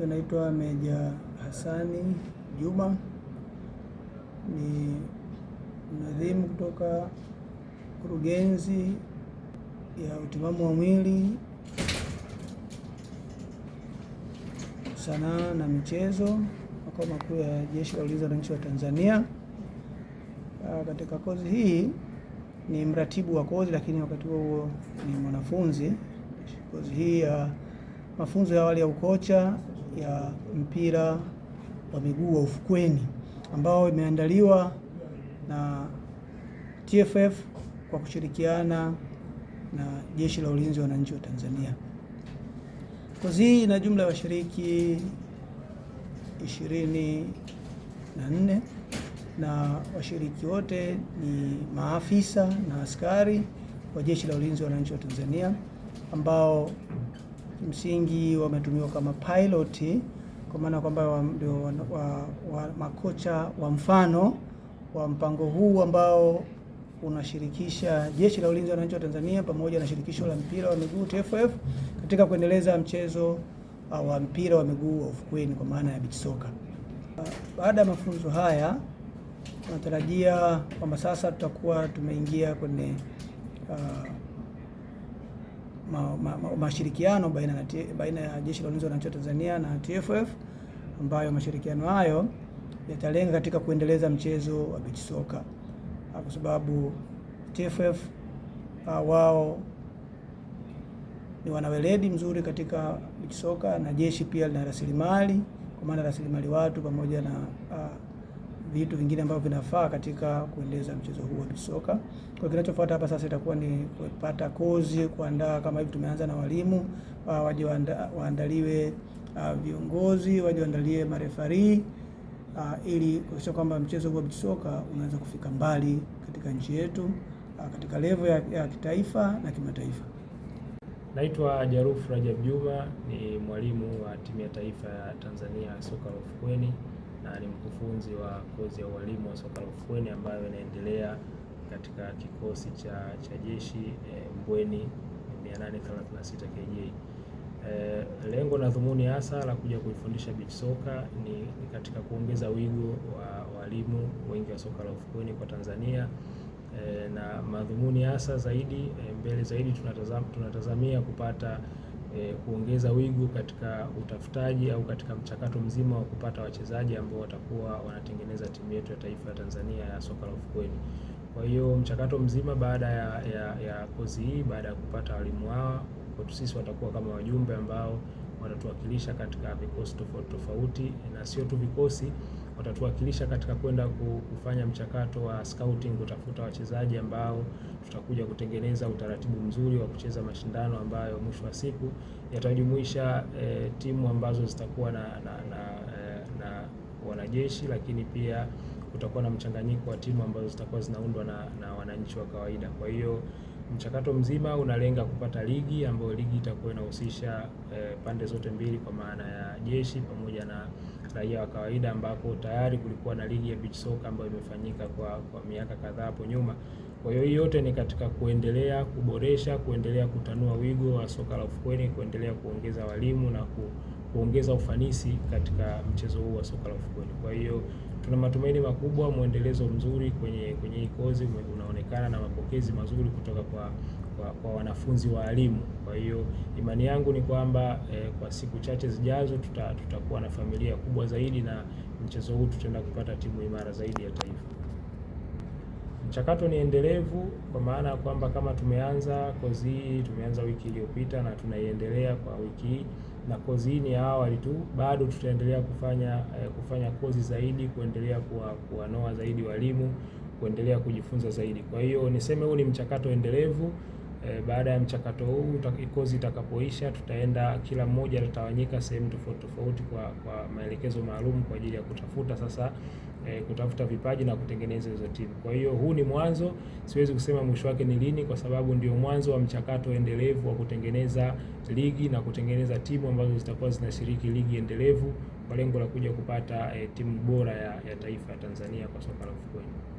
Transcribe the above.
Naitwa Meja hasani Juma, ni mnadhimu kutoka kurugenzi ya utimamu wa mwili, sanaa na michezo, makao makuu ya Jeshi la Ulinzi la Wananchi wa Tanzania. Ah, katika kozi hii ni mratibu wa kozi, lakini wakati huo huo ni mwanafunzi. Kozi hii ya mafunzo ya awali ya ukocha ya mpira wa miguu wa ufukweni ambao imeandaliwa na TFF kwa kushirikiana na Jeshi la Ulinzi wa Wananchi wa Tanzania. Kozi hii ina jumla ya washiriki ishirini na nne na washiriki wote ni maafisa na askari wa Jeshi la Ulinzi wa Wananchi wa Tanzania ambao kimsingi wametumiwa kama pilot, kwa maana kwamba ndio wa, wa, wa, makocha wa mfano wa mpango huu ambao unashirikisha Jeshi la Ulinzi wa Wananchi wa Tanzania pamoja na Shirikisho la Mpira wa Miguu TFF katika kuendeleza mchezo ah, wa mpira wa miguu wa ufukweni kwa maana ya beach soccer. Baada ya mafunzo haya tunatarajia kwamba sasa tutakuwa tumeingia kwenye uh, mashirikiano ma, ma, ma baina, baina ya Jeshi la Ulinzi wa Wananchi wa Tanzania na TFF ambayo mashirikiano hayo yatalenga katika kuendeleza mchezo wa beach soka ah, kwa sababu TFF uh, ah, wao ni wanaweledi mzuri katika beach soka na jeshi pia lina rasilimali kwa maana rasilimali watu pamoja na uh, vitu vingine ambavyo vinafaa katika kuendeleza mchezo huu wa soka. Kwa kinachofuata hapa sasa itakuwa ni kupata kozi, kuandaa kama hivi tumeanza na walimu uh, waje waandaliwe uh, viongozi waje waandalie marefari uh, ili kuhakikisha kwamba mchezo huu wa soka unaweza kufika mbali katika nchi yetu uh, katika levo ya, ya kitaifa na kimataifa. Naitwa Jaruf Rajab Juma, ni mwalimu wa timu ya taifa ya Tanzania soka la ufukweni na ni mkufunzi wa kozi ya ualimu wa soka la ufueni ambayo inaendelea katika kikosi cha, cha jeshi e, Mbweni 836 KJ. E, lengo na dhumuni hasa la kuja kuifundisha beach soka ni, ni katika kuongeza wigo wa walimu wengi wa soka la ufukweni kwa Tanzania e, na madhumuni hasa zaidi e, mbele zaidi tunatazam, tunatazamia kupata e, kuongeza wigo katika utafutaji au katika mchakato mzima wa kupata wachezaji ambao watakuwa wanatengeneza timu yetu ya taifa ya Tanzania ya soka la ufukweni. Kwa hiyo mchakato mzima baada ya, ya, ya kozi hii, baada ya kupata walimu hawa kwetu sisi watakuwa kama wajumbe ambao watatuwakilisha katika vikosi tofauti tofauti, na sio tu vikosi watatuwakilisha katika kwenda kufanya mchakato wa scouting, kutafuta wachezaji ambao tutakuja kutengeneza utaratibu mzuri wa kucheza mashindano ambayo mwisho wa siku yatajumuisha e, timu ambazo zitakuwa na, na, na, eh, na wanajeshi lakini pia kutakuwa na mchanganyiko wa timu ambazo zitakuwa zinaundwa na, na wananchi wa kawaida. Kwa hiyo mchakato mzima unalenga kupata ligi ambayo ligi itakuwa inahusisha eh, pande zote mbili kwa maana ya jeshi pamoja na raia wa kawaida, ambapo tayari kulikuwa na ligi ya beach soccer ambayo imefanyika kwa kwa miaka kadhaa hapo nyuma. Kwa hiyo hii yote ni katika kuendelea kuboresha, kuendelea kutanua wigo wa soka la ufukweni, kuendelea kuongeza walimu na ku kuongeza ufanisi katika mchezo huu wa soka la ufukweni. Kwa hiyo tuna matumaini makubwa, mwendelezo mzuri kwenye kwenye hii kozi unaonekana na mapokezi mazuri kutoka kwa kwa, kwa wanafunzi waalimu. Kwa hiyo imani yangu ni kwamba eh, kwa siku chache zijazo tuta, tutakuwa na familia kubwa zaidi na mchezo huu tutaenda kupata timu imara zaidi ya taifa. Mchakato ni endelevu kwa maana ya kwamba kama tumeanza kozi hii tumeanza wiki iliyopita na tunaiendelea kwa wiki hii na kozi hii ni ya awali tu, bado tutaendelea kufanya eh, kufanya kozi zaidi, kuendelea kuwa, kuwanoa zaidi walimu, kuendelea kujifunza zaidi. Kwa hiyo niseme huu ni mchakato endelevu. Eh, baada ya mchakato huu kozi itakapoisha, tutaenda kila mmoja atatawanyika sehemu tofauti tofauti kwa, kwa maelekezo maalum kwa ajili ya kutafuta sasa eh, kutafuta vipaji na kutengeneza hizo timu. Kwa hiyo huu ni mwanzo, siwezi kusema mwisho wake ni lini, kwa sababu ndio mwanzo wa mchakato endelevu wa kutengeneza ligi na kutengeneza timu ambazo zitakuwa zinashiriki ligi endelevu kwa lengo la kuja kupata eh, timu bora ya, ya taifa ya Tanzania kwa soka la ufukweni.